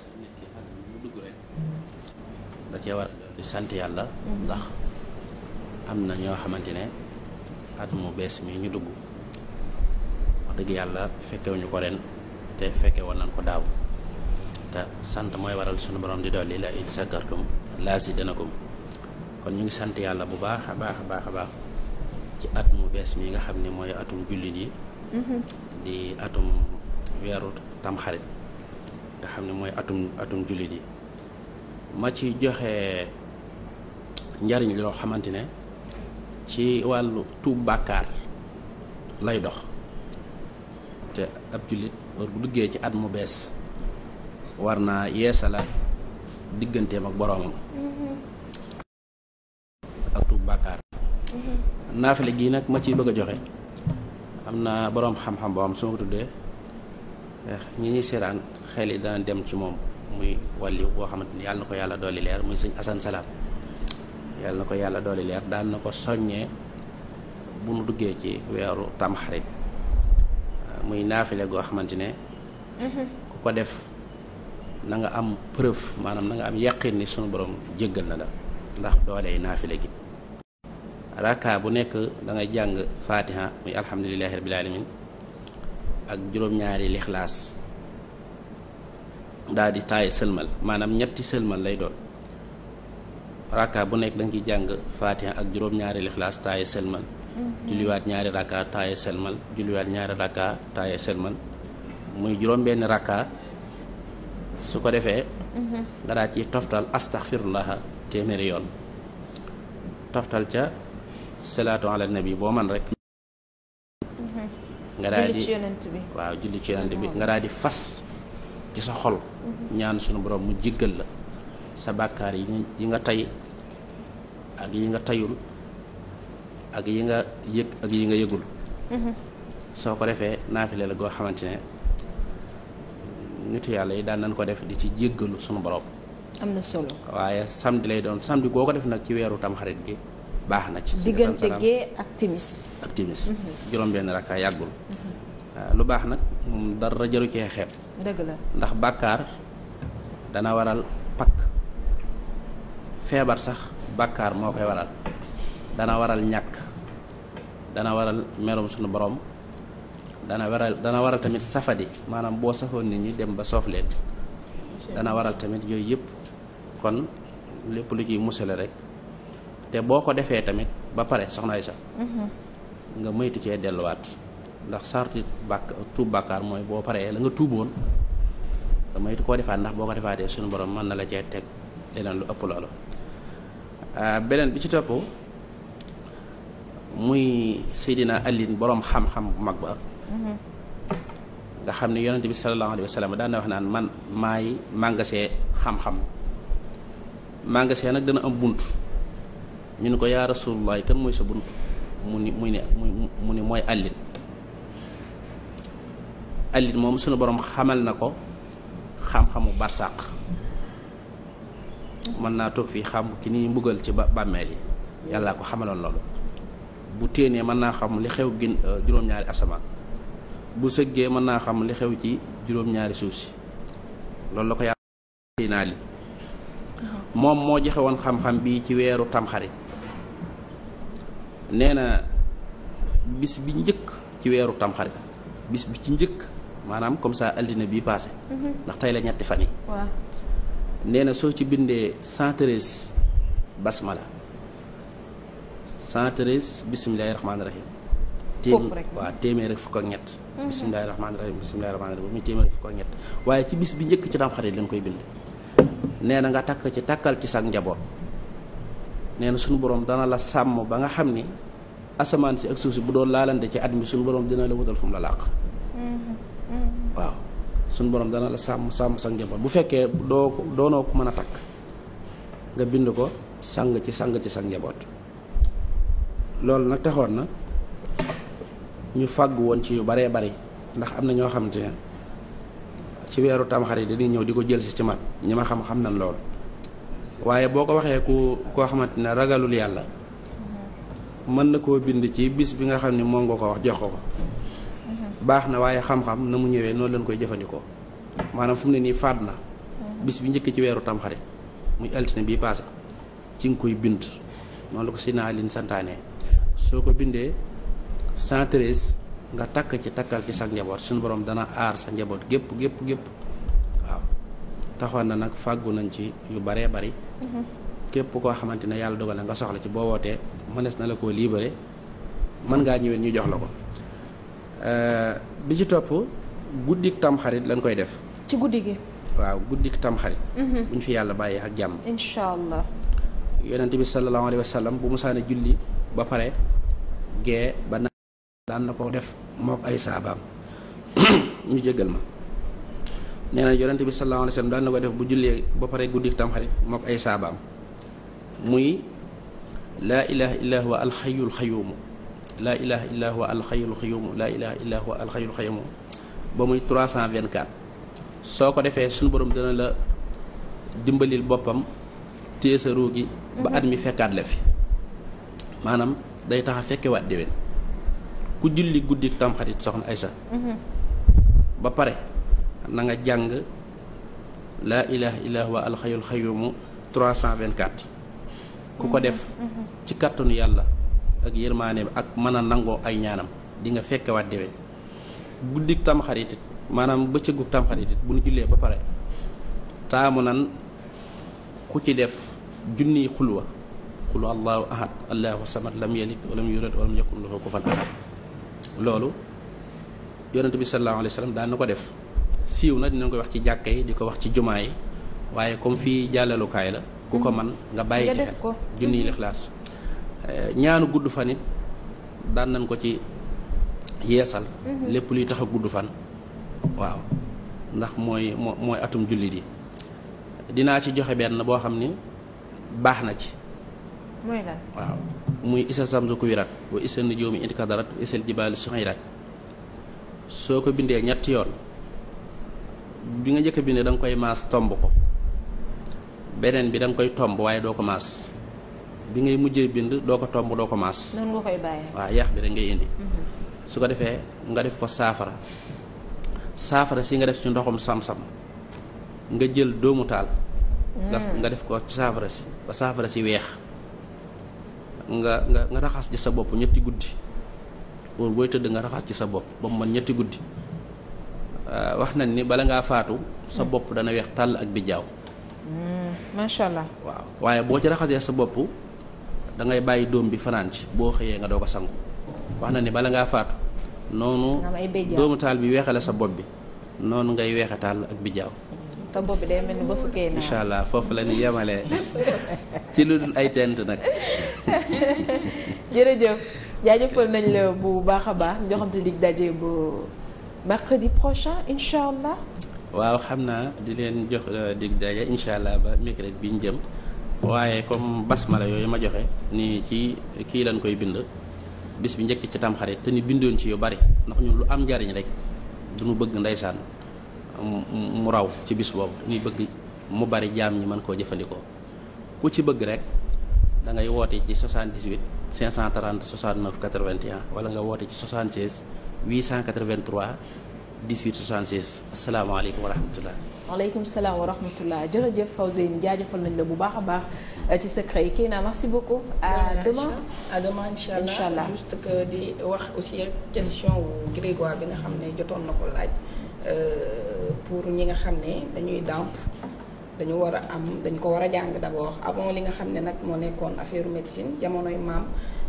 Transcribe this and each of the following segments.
sax nit da cee war di sant yàlla ndax am na ñoo xamante ne at mu bees mi ñu dugg wax dëgg yàlla fekkewuñu ko ren te fekke woon nañ ko daaw te sant mooy waral sunu borom di dolli la in sakartum laazidanakum kon ñu ngi sant yàlla bu baax a baax a baax a baax ci at mu bees mi nga xam ni mooy atum jullit yi mm-hmm. di atum weeru tamxarit nga xam ne mooy atum atum jullit yi ma ci joxe njariñ loo xamante ne ci wàllu tuub bàkkaar lay dox te ab jullit war bu duggee ci at mu bees war naa yeesalaat digganteem ak boroomam mm-hmm. ak tuub bàkkaar mm-hmm. naafale gii nag ma ciy bëgg a joxe am na boroom xam-xam boo xam su ma tuddee ñi ñuy seeraan xel yi dana dem ci moom muy wàlli boo xamante ni yàlla na ko yàlla dooli leer muy sëñ Asan Salaam yàlla na ko yàlla dooli leer daan na ko soññee bu nu duggee ci weeru tamxarit muy naafile goo xamante ne mm-hmm. ku ko def na nga am preuve maanaam na am yaqin ni sunu borom jéggal na la ndax doole naafile gi raka bu nekk da ngay jàng fatiha muy alhamdulilahi rabbil alamin ak juróom-ñaari lixlaas daal di taay sëlmal maanaam ñetti sëlmal lay doon rakka bu nekk da nga jàng faatiha ak juróom-ñaari lixlaas taay mhm. sëlmal julliwaat ñaari rakka taay sëlmal julliwaat ñaari rakka taay sëlmal muy juróom-benn rakka su ko defee mhm. nga daal ci toftal astaxfirullaha téeméeri yoon toftal ca salaatu ala nabi boo man rek waaw julli ci yonent bi nga daal di fas ci sa xol mm-hmm. ñaan sunu boroom mu jéggal la sa bàkkaar yi nga tay ak yi nga tayul ak yi nga yëg ak yi nga yëgul mm-hmm. soo ko defee naafile la goo xamante ne nitu yàlla yi daan nañ ko def di ci jéggalu sunu borom am na waaye samedi lay doon samedi boo ko def nag ci weeru tamxarit gi baax na ci diggante gee ak timis ak timis mm-hmm. juróom benn rakka yàggul lu baax nag moom dara jaru cee xeeb. dëgg la ndax bàkkaar dana waral pakk feebar sax bàkkaar moo koy waral dana waral ñàkk dana waral merum sunu boroom dana waral dana waral tamit safadi maanaam boo safoon nit ñi dem ba soof leen. dana waral tamit yooyu yëpp kon lépp lu ciy musale rek te boo ko defee tamit ba pare soxna Aïssa. Mhm. nga moytu cee delluwaat. ndax sarti bàkk tuub bàkkaar mooy boo paree la nga tuuboon damay koo defaat ndax boo ko defaatee suñu borom mën na la jee teg leneen lu ëpp loolu euh, beneen bi ci topp muy Seydina Alin boroom xam-xam bu mag ba mm-hmm. nga xam ne yonente bi sallallahu alayhi wa sallam daan na wax naan man maay màngasee xam-xam màngasee nag dana am bunt ñu ni ko yaa rasulullahi kan mooy sa bunt mu ni muy ne mu ni mooy Alin alit moom sunu borom xamal na ko xam-xamu barsàq mën naa toog fii xam ki ni mbugal yi yàlla ko xamaloon bu téenee mën naa xam xew gin euh, juróom-ñaari bu sëggee mën naa xam xew ci juróom suuf si loolu la ko yàlla naa li moom moo joxe woon xam-xam bi ci weeru tamxarit neena bis bi njëkk ci weeru tamxarit bis bi ci njëkk maanaam comme ça altine bii passé mhm. ndax tey la ñetti fan yi nee na soo ci bindee 113 basmala 113 bisimilahi rahmaani rahim foofu rek waaw téeméer ak fukk ak ñett. Mhm. bisimilah rahmaani rahiim bisimilah rahmaani rahiim muy téeméer ak fukk ak ñett waaye ci bis bi njëkk ci tamxarit lañ koy bind. nee na nga takk ci takkal ci sa njaboot nee na suñu borom dana la sàmm ba nga xam ni asamaan si ak suuf si bu doon laalante ci at mi suñu borom dina la wutal fu mu la làq. Mhm. waaw suñ borom dana la sàmm sàmm sa njaboot bu fekkee doo ko doonoo ko mën a takk nga bind ko sang ci sang ci sa njaboot loolu nag taxoon na ñu fàgg woon ci yu baree bari ndax am na ñoo xamante ne ci weeru tamxarit dañuy ñëw di ko jël si ci man ñi ma xam xam nañ lool waaye boo ko waxee ku koo xamante ne ragalul yàlla mën na koo bind ci bis bi nga xam ne moom nga ko wax jox ko ko baax na waaye xam-xam na mu ñëwee noonu lañ koy jëfandikoo maanaam fu mu ne nii faat na hmm. bis bi njëkk ci weeru tamxarit muy altine bii paase ci nga koy bind noonu la ko si naa liñ santaane soo ko bindee 113 nga takk ci takkal ci sa njaboot suñu borom dana aar sa njaboot gépp gépp gépp waaw taxoon na nag fàggu nañ ci yu baree bari hmm. képp koo xamante ne yàlla dogal na nga soxla ci boo wootee mënees na la ko libéré mën ngaa ñëwee ñu jox la ko Euh, bi ci topp guddik tamxarit lañ koy def. ci guddi gi. waaw guddik tamxarit. Mhm. bu ñu fi yàlla bàyyee ak jàmm. incha bi sallallahu alayhi bu musaane julli ba pare gee ba naan daan na ko def mook ay saabaam ñu jéggal ma. nee na bi sallallahu alayhi wa sallam daan na ko def bu jullee ba pare guddik tamxarit mook ay saabaam muy laa ilaha illa huwa alxayyul xayyuumu laa ilaha illa huwa alxayul xayumu laa ilaha illa huwa alxayul xayumu ba muy 324 soo ko defee suñu borom dina la dimbalil boppam téye sa gi ba at mi fekkaat la fi maanaam day tax a fekkewaat déwén ku julli guddi tamxarit soxna Aysa mhm. ba pare na nga jàng laa ilaha illa huwa cent vingt 324 ku ko mhm. def mhm. ci kàttanu yàlla ak yërmaaneem ak mën a nangoo ay ñaanam di nga fekkewaat déwén guddik tamxarit maanaam bëccëgu tamxarit bu nu jullee ba pare taamu nan ku ci def junniy xulwa xul allahu ahad allahu samad lam yalid walam mu walam yakun lahu kufuwan ahad loolu yonent bi sallallahu alayhi wa sallam daan ko def siiw na dinañ koy wax ci jàkka yi di ko wax ci jumaa yi waaye comme fii jàllalukaay la ku ko man nga bàyyi ci xel mhm. lixlaas ñaanu gudd fan it daan nañ ko ci yeesal. Mhm. lépp luy tax a gudd fan. waaw ndax mooy mooy atum jullit yi dinaa ci joxe benn boo xam ni baax na ci. mooy lan waaw muy isa samsu kuwirat wa isa nujuumi inkadarat wa isal jibaali suxirat soo ko bindee ñetti yoon bi nga njëkk a bindee da koy maas tomb ko beneen bi da nga koy tomb waaye doo ko maas. bi ngay mujjee bind doo ko tomb doo ko maas. noonu nga koy bàyyi. waaw yàq bi rek ngay indi. Mhm. su ko defee nga def ko saafara saafara si nga def si ndoxum sam-sam nga jël doomu taal. nga mhm. def ko saafara si ba saafara si weex nga nga raxas ci sa bopp ñetti guddi wóor booy tëdd nga raxas ci sa bopp ba mu mën ñetti guddi euh, wax na ni bala ngaa faatu sa bopp dana weex tàll ak bijaaw. macha mhm. waaw waaye boo ci raxasee sa bopp. dangay bàyyi doom bi fanaan ci boo xëyee nga doo ko sangu wax na ni bala ngaa faatu noonu doomu taal bi weexale sa bopp bi noonu ngay weexe taal ak bijaaw te bopp bi day mel ni ba sukkee naa allah foofu la ñu yemalee ci lu dul ay tent nag jërëjëf jaajëfal nañ la bu baax a baax joxante dig daje bu mercredi prochain incha waaw xam naa di leen jox euh, dig daje incha allah ba mercredi bi ñu jëm waaye comme basmala yooyu ma joxe nii ci kii lañ koy bind bis bi njëkk ci tamxarit te ni bindoon ci yu bari ndax ñun lu am njariñ rek du duñu bëgg ndeysaan mu raw ci bis boobu ni bëgg mu bari jaam ñi mën koo jëfandikoo ku ci bëgg rek da ngay woote ci 78 530 69 81 wala nga woote ci 76 883 18 76 asalaamaaleykum wa rahmatullah waaleykum salaam wa rahmatullah jërëjëf Fawzeyni jaajëfal nañ la bu baax a baax euh, ci secret yi Keina naa beaucoup. à demain à demain allah incha juste que di wax aussi question wu Grégoire bi nga xam ne jotoon na ko laaj euh, pour ñi nga xam ne dañuy dàmp dañu war a am dañu ko war a jàng d'abord avant li nga xam ne nag moo nekkoon affaire médecine jamonoy maam.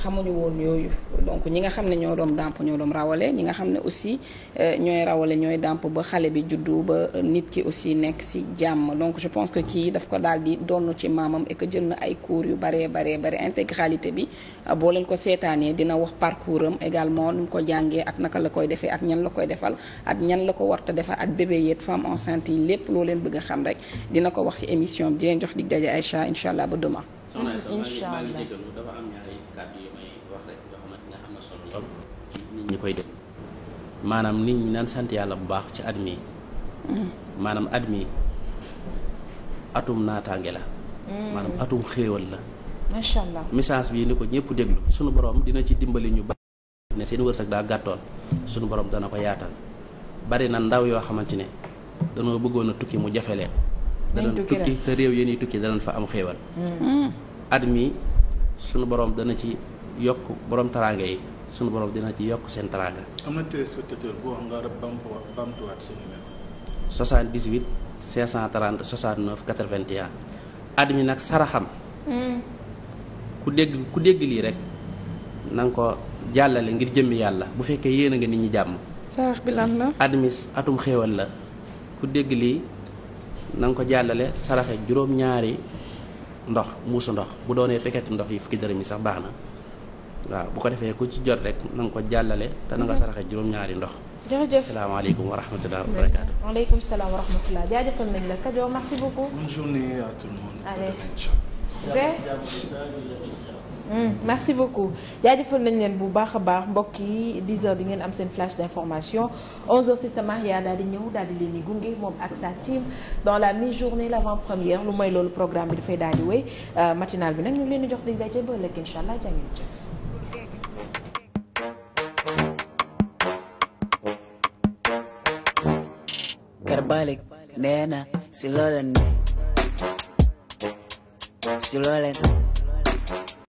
xamuñu woon yooyu donc ñi nga xam ne ñoo doom dàmp ñoo doon rawale ñi nga xam ne aussi euh, ñooy rawale ñooy dàmp ba xale bi juddu ba nit ki aussi nekk ci jàmm donc je pense que kii daf ko daal di donn ci maamam et jën ay cours yu baree baree bare intégralité bi euh, boo leen ko seetaanee dina wax parcours am également nu ko jàngee ak naka la koy defee ak ñan la koy defal ak ñan la ko warta defal ak bébé yeeg femme enceinte yi lépp loo leen bëgg a xam rek dina ko wax ci émission bi di daje Aïcha incha allah ba demain soxna sama maa dafa am ñaari kàddu ne am na solo lool ci nit ñi koy dégg maanaam nit ñi naan sant yàlla bu baax ci at mi mm. maanaam at mi atum naataange la mm. maanaam atum xéewal la macha allah message bi ni ko ñëpp déglu sunu borom dina ci dimbali ñu ba ne seen wërsëg daa gàttoon sunu borom dana ko yaatal bari na ndaw yoo xamante ne danoo bëggoon a tukki mu jafe leen danañ tukki te réew yéen yi mm. borom dana ci yokk borom taraanga sunu borom dina ci yokk seen taraanga. am na téléspectateur bu mi nag saraxam. Mm. ku dégg ku dégg lii rek na nga ko jàllale ngir jëmmi yàlla bu fekkee yéen a nga nit ñi jàmm. admis atum xéewal la ku dégg lii na nga ko jàllale saraxe juróom-ñaari ndox muusu ndox bu doonee pekketi ndox yi fukki dërëm yi sax baax na waaw bu ko defee ku ci jot rek nanga ko jàllale te na nga mhm. saraxe juróom-ñaari ndox. salaamaaleykum wa rahmatulah wa barakaatu. waaleykum salaam wa Mm, merci beaucoup jaajëfal nañ leen bu baax a baax mbokk yi 10 di ngeen am seen flash d'information 11h Sister Maria daal di ñëw daal di leen di gunge moom ak sa team dans la mi-journée l'avant-première lu may loolu programme bi dafay daal di wéy euh, matinal bi nag ñu leen di jox dig daje ba ëllëg incha allah jaa na si loolen ne si